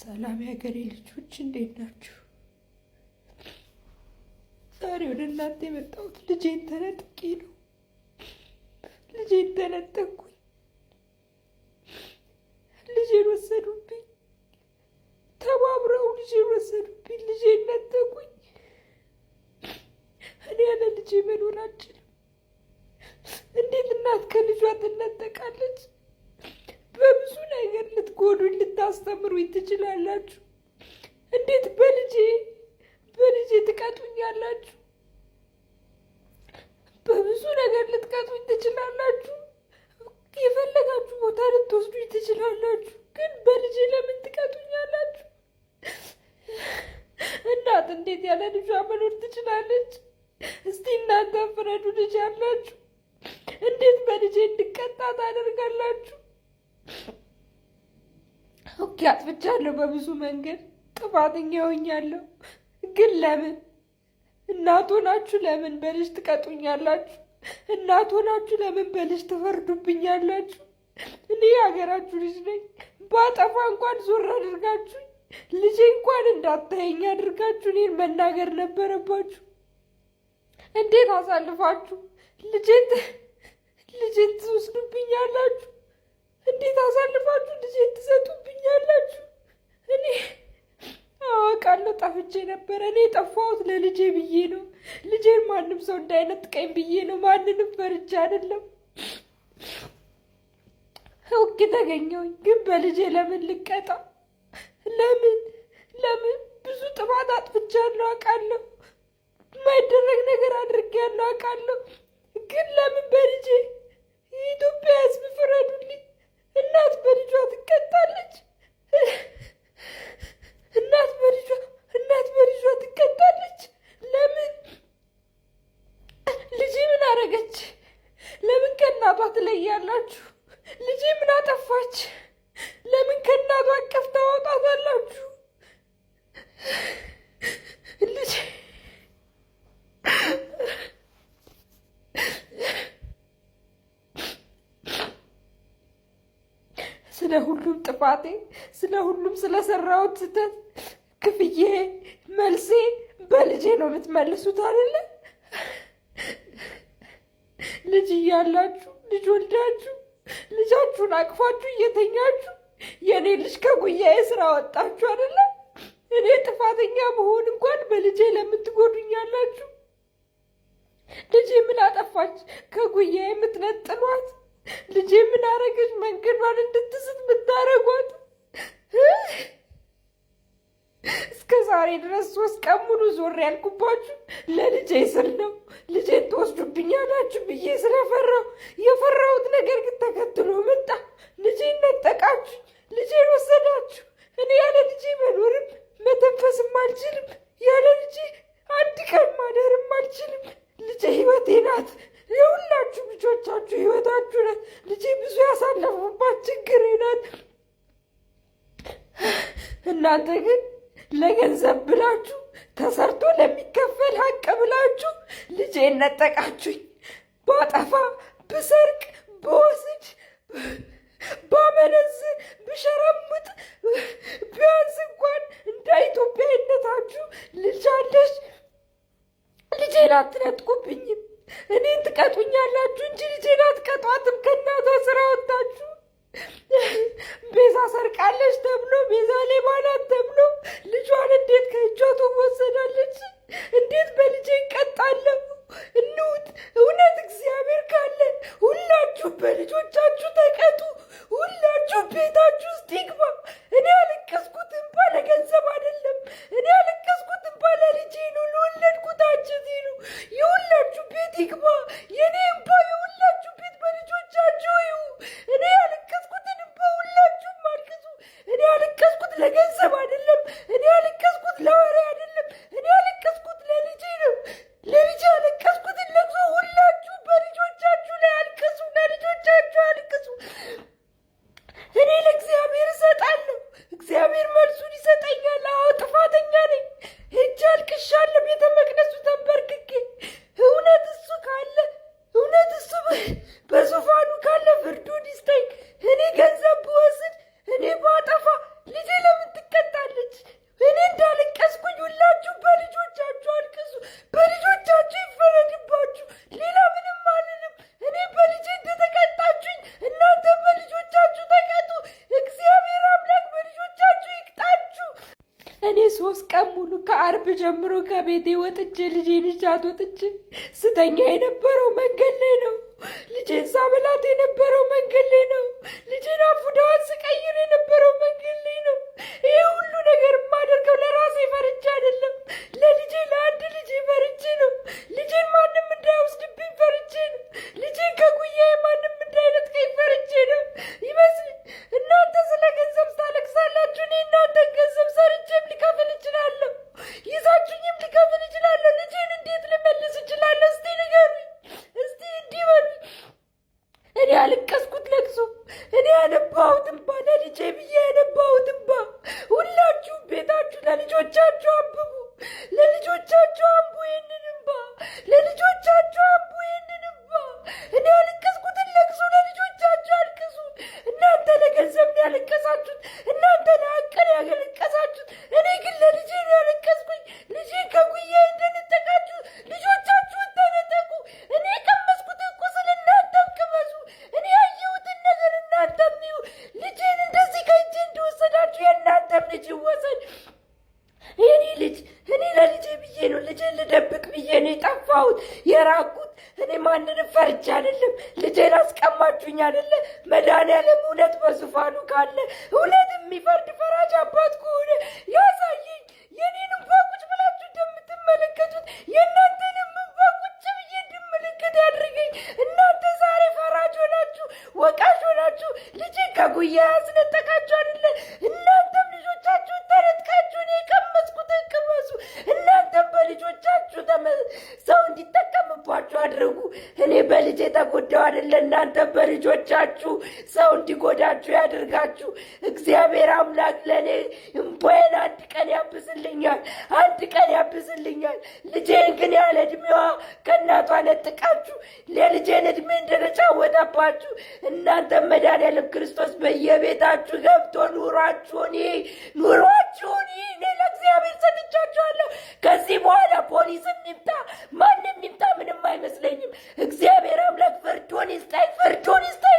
ሰላም የሀገሬ ልጆች እንዴት ናችሁ? ዛሬ ወደ እናንተ የመጣሁት ልጄን ተነጥቄ ነው። ልጄን ተነጠቅኩኝ። ልጄን ወሰዱብኝ። ተባብረው ልጄን ወሰዱብኝ። ልጄን ነጠቁኝ። እኔ ያለ ልጄ መኖር አልችልም። እንዴት እናት ከልጇ ትነጠቃለች? ልታስተምሩኝ ትችላላችሁ? እንዴት በልጄ በልጄ ትቀጡኛላችሁ? በብዙ ነገር ልትቀጡኝ ትችላላችሁ። የፈለጋችሁ ቦታ ልትወስዱኝ ትችላላችሁ። ግን በልጄ ለምን ትቀጡኛላችሁ? እናት እንዴት ያለ ልጇ መኖር ትችላለች? እስቲ እናንተ ፍረዱ። ልጅ ያላችሁ እንዴት በልጄ እንድቀጣ ታደርጋላችሁ? ሞክ ያጥፍቻለሁ፣ በብዙ መንገድ ጥፋተኛ ሆኛለሁ። ግን ለምን እናት ሆናችሁ ለምን በልጅ ትቀጡኛላችሁ? እናት ሆናችሁ ለምን በልጅ ትፈርዱብኛላችሁ? እኔ የሀገራችሁ ልጅ ነኝ። ባጠፋ እንኳን ዞር አድርጋችሁ ልጄ እንኳን እንዳታየኝ አድርጋችሁ እኔን መናገር ነበረባችሁ። እንዴት አሳልፋችሁ ልጄን ልጄን ትወስዱብኛላችሁ? ጠፍቼ ነበረ። እኔ የጠፋሁት ለልጄ ብዬ ነው። ልጄን ማንም ሰው እንዳይነጥቀኝ ብዬ ነው። ማንንም ፈርቼ አይደለም። ህውቅ ተገኘሁኝ። ግን በልጄ ለምን ልቀጣ? ለምን ለምን? ብዙ ጥፋት አጥፍቻለሁ አውቃለሁ። የማይደረግ ነገር አድርጌያለሁ አውቃለሁ። ግን ለምን በልጄ አባት ላይ ያላችሁ ልጄ ምን አጠፋች? ለምን ከእናቷ አቀፍ ታወጣታላችሁ? ልጄ ስለ ሁሉም ጥፋቴ፣ ስለ ሁሉም ስለሰራሁት ስህተት ክፍዬ መልሴ በልጄ ነው የምትመልሱት አይደለ? ልጅ እያላችሁ ልጅ ወልዳችሁ ልጃችሁን አቅፋችሁ እየተኛችሁ የእኔ ልጅ ከጉያዬ ስራ ወጣችሁ አደለ? እኔ ጥፋተኛ መሆን እንኳን በልጄ ለምትጎዱኛላችሁ? ልጄ ምን አጠፋች ከጉያዬ የምትነጥሏት? ልጄ ምን አረገች መንገዷን እንድትስት ምታረጓት? እስከ ዛሬ ድረስ ሶስት ቀን ሙሉ ዞር ያልኩባችሁ ለልጄ ስል ነው። ልጄን ተወስዱ ትሆናለች ብዬ ስለፈራው የፈራሁት ነገር ግን ተከትሎ መጣ። ልጄን ነጠቃችሁ፣ ልጄን ወሰዳችሁ። እኔ ያለ ልጄ መኖርም መተንፈስም አልችልም። ያለ ልጄ አንድ ቀን ማደርም አልችልም። ልጄ ህይወቴ ናት። የሁላችሁ ልጆቻችሁ ህይወታችሁ ናት። ልጄ ብዙ ያሳለፉባት ችግር ናት። እናንተ ግን ለገንዘብ ብላችሁ ተሰርቶ ለሚከፈል ሀቅ ብላችሁ ልጄን ነጠቃችሁኝ። ባጠፋ፣ ብሰርቅ፣ ብወስድ፣ ባመነዝ፣ ብሸረምጥ ቢያንስ እንኳን እንደ ኢትዮጵያዊነታችሁ ልጃለች ልጄ ልጄን አትነጥቁብኝም። እኔን ትቀጡኛላችሁ እንጂ ልጄን አትቀጧትም። ከእናቷ ስራ ወጣችሁ ቤዛ ሰርቃለች ተብሎ ቤዛ ሌባ ናት ተብሎ ልጇን እንዴት ከእጇ ትወሰዳለች? እንዴት በልጄ እቀጣለሁ? እግዚአብሔር ካለ ሁላችሁ በልጆቻችሁ ተቀጡ። ሁላችሁ ቤታችሁ ውስጥ ይግባ። እኔ ያለቀስኩት እንባ ለገንዘብ አይደለም። እኔ ያለ ቀን ሙሉ ከአርብ ጀምሮ ከቤቴ ወጥቼ ልጄ ልጃት ወጥቼ ስተኛ የነበረው መንገድ ላይ ነው። ልጄን ሳበላት የነበረው መንገድ ላይ ነው። ልጄን አፉዳዋን ስቀይር የነበረው መንገድ ላይ ነው። ይሄ ሁሉ ነገር የማደርገው Leni çok çarçur. Leni çok çarçur. የራቁት። እኔ ማንንም ፈርቻ አይደለም። ልጄን አስቀማችሁኝ አይደለ? መድኃኒዓለም እውነት በዙፋኑ ካለ እውነት የሚፈርድ ፈራጅ አባት ከሆነ ያሳየኝ። የኔን እንኳ ቁጭ ብላችሁ እንደምትመለከቱት የእናንተንም እንኳ ቁጭ ብዬ እንድመለከት ያድርገኝ። እናንተ ዛሬ ፈራጅ ሆናችሁ፣ ወቃሽ ሆናችሁ ልጄን ከጉያ ያስነጠቃችሁ አይደለ? እናንተ በልጆቻችሁ ሰው እንዲጎዳችሁ ያደርጋችሁ። እግዚአብሔር አምላክ ለእኔ እምባዬን አንድ ቀን ያብስልኛል፣ አንድ ቀን ያብስልኛል። ልጄን ግን ያለ እድሜዋ ከእናቷ ነጥቃችሁ ለልጄን እድሜ እንደተጫወተባችሁ እናንተ መድኃኒዓለም ክርስቶስ በየቤታችሁ ገብቶ ኑሯችሁን ኑሯችሁን ለእግዚአብሔር ሰጥቻችኋለሁ። ከዚህ በኋላ ፖሊስም ይምጣ ማንም ይምጣ ምንም አይመስለኝም። እግዚአብሔር አምላክ ፍርዱን ይስጣይ፣ ፍርዱን ይስጣይ።